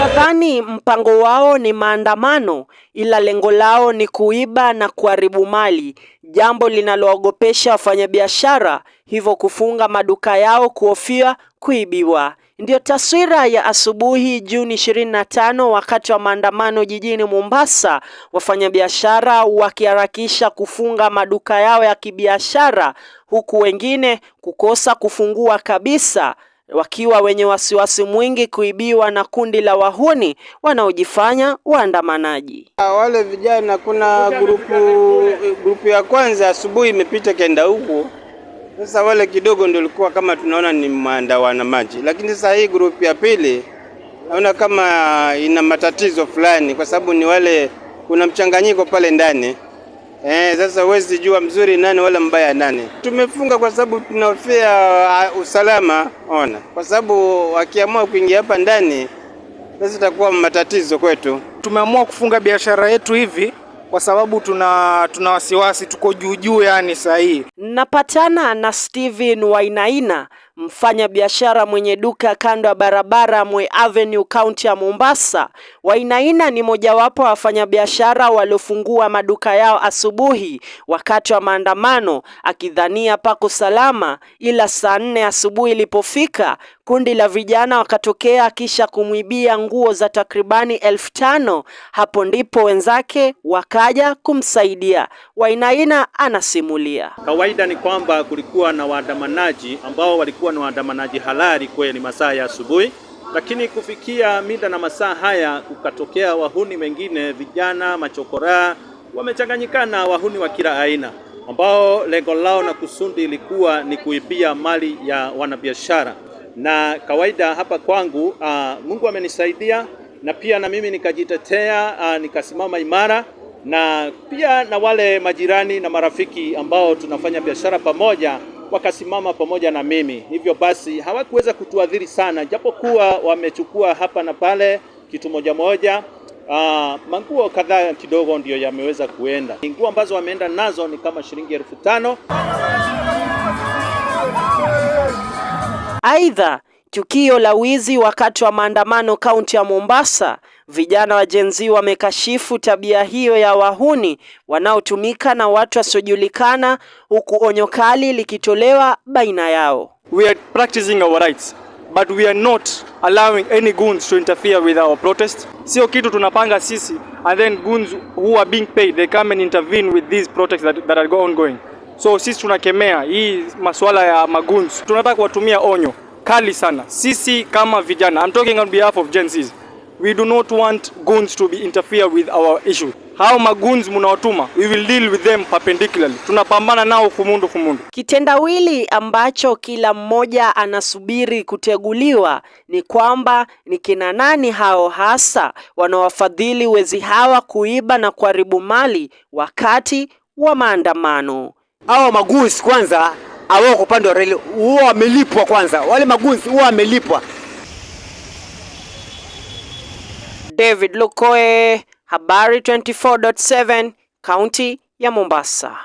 Mchakani mpango wao ni maandamano ila lengo lao ni kuiba na kuharibu mali, jambo linaloogopesha wafanyabiashara, hivyo kufunga maduka yao kuhofia kuibiwa. Ndiyo taswira ya asubuhi Juni 25 wakati wa maandamano jijini Mombasa, wafanyabiashara wakiharakisha kufunga maduka yao ya kibiashara, huku wengine kukosa kufungua kabisa wakiwa wenye wasiwasi mwingi kuibiwa na kundi la wahuni wanaojifanya waandamanaji. Ah, wale vijana, kuna grupu grupu ya kwanza asubuhi imepita kenda huko sasa wale kidogo ndio likuwa kama tunaona ni maandawana maji, lakini sasa hii grupu ya pili naona kama ina matatizo fulani, kwa sababu ni wale kuna mchanganyiko pale ndani. Eh, sasa huwezi jua mzuri nani wala mbaya nani. Tumefunga kwa sababu tunahofia uh, usalama, ona, kwa sababu wakiamua kuingia hapa ndani sasa itakuwa matatizo kwetu. Tumeamua kufunga biashara yetu hivi kwa sababu tuna tuna wasiwasi, tuko juu juu, yani sahihi. Napatana na Steven Wainaina Mfanyabiashara mwenye duka kando ya barabara Moi Avenue kaunti ya Mombasa, Wainaina ni mojawapo wa wafanyabiashara waliofungua maduka yao asubuhi wakati wa maandamano, akidhania pako salama, ila saa nne asubuhi ilipofika kundi la vijana wakatokea kisha kumwibia nguo za takribani elfu tano. Hapo ndipo wenzake wakaja kumsaidia. Wainaina anasimulia. Kawaida ni kwamba kulikuwa na waandamanaji ambao walikuwa walikuwa ni waandamanaji halali kweli masaa ya asubuhi, lakini kufikia mida na masaa haya kukatokea wahuni wengine, vijana machokoraa wamechanganyikana, wahuni wa kila aina ambao lengo lao na kusudi ilikuwa ni kuibia mali ya wanabiashara. Na kawaida hapa kwangu, aa, ah, Mungu amenisaidia na pia na mimi nikajitetea, ah, nikasimama imara na pia na wale majirani na marafiki ambao tunafanya biashara pamoja wakasimama pamoja na mimi. Hivyo basi hawakuweza kutuadhiri sana, japokuwa wamechukua hapa na pale kitu moja moja. Uh, manguo kadhaa kidogo ndiyo yameweza kuenda. Nguo ambazo wameenda nazo ni kama shilingi elfu tano. Aidha Tukio la wizi wakati wa maandamano kaunti ya Mombasa, vijana wa Gen Z wamekashifu tabia hiyo ya wahuni wanaotumika na watu wasiojulikana, huku onyo kali likitolewa baina yao. We are practicing our rights but we are not allowing any goons to interfere with our protest. Sio kitu tunapanga sisi and then goons who are being paid they come and intervene with these protests that, that are ongoing. So sisi tunakemea hii masuala ya magoons, tunataka kuwatumia onyo kali sana. Sisi kama vijana, I'm talking on behalf of Gen Z's. we do not want goons to be interfere with our issue. Hao magoons mnaotuma, we will deal with them perpendicularly. Tunapambana nao kumundu kumundu. Kitendawili ambacho kila mmoja anasubiri kuteguliwa ni kwamba ni kina nani hao hasa wanaowafadhili wezi hawa kuiba na kuharibu mali wakati wa maandamano. Hao magoons kwanza kwa upande wa reli huwa wamelipwa kwanza, wale magunzi huwa wamelipwa. David Lukoe, Habari 24.7, kaunti ya Mombasa.